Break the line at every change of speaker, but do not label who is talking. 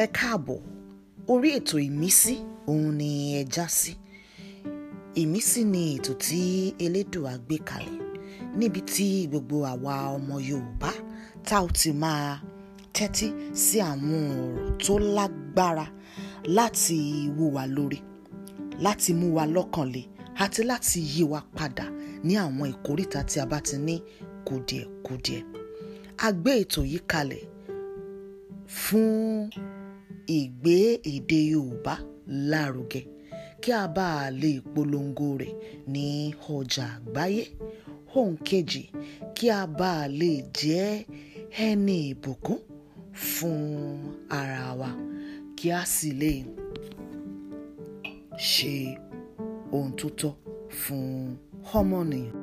ẹ káàbọ̀ orí ètò ìmísí òun ni ẹ já sí ìmísí ni ètò tí Elédùà gbé kalẹ̀ níbi tí gbogbo àwa ọmọ Yorùbá tá ò ti máa tẹ́tí sí àwọn ọ̀rọ̀ tó lágbára láti wú wa lórí láti mú wa lọ́kàn le àti láti yí wa padà ní àwọn ìkóríta tí a bá ti ní kùdìẹ̀kùdìẹ̀ a gbé ètò yìí kalẹ̀ fún ìgbé èdè Yorùbá lárugẹ kí a bá a lè polongo rẹ̀ ní ọjà àgbáyé ohun kejì kí a bá a lè jẹ́ ẹni ìbùkún fún ara wa kí a sì lè ṣe ohun tó tọ́ fún ọmọnìyàn.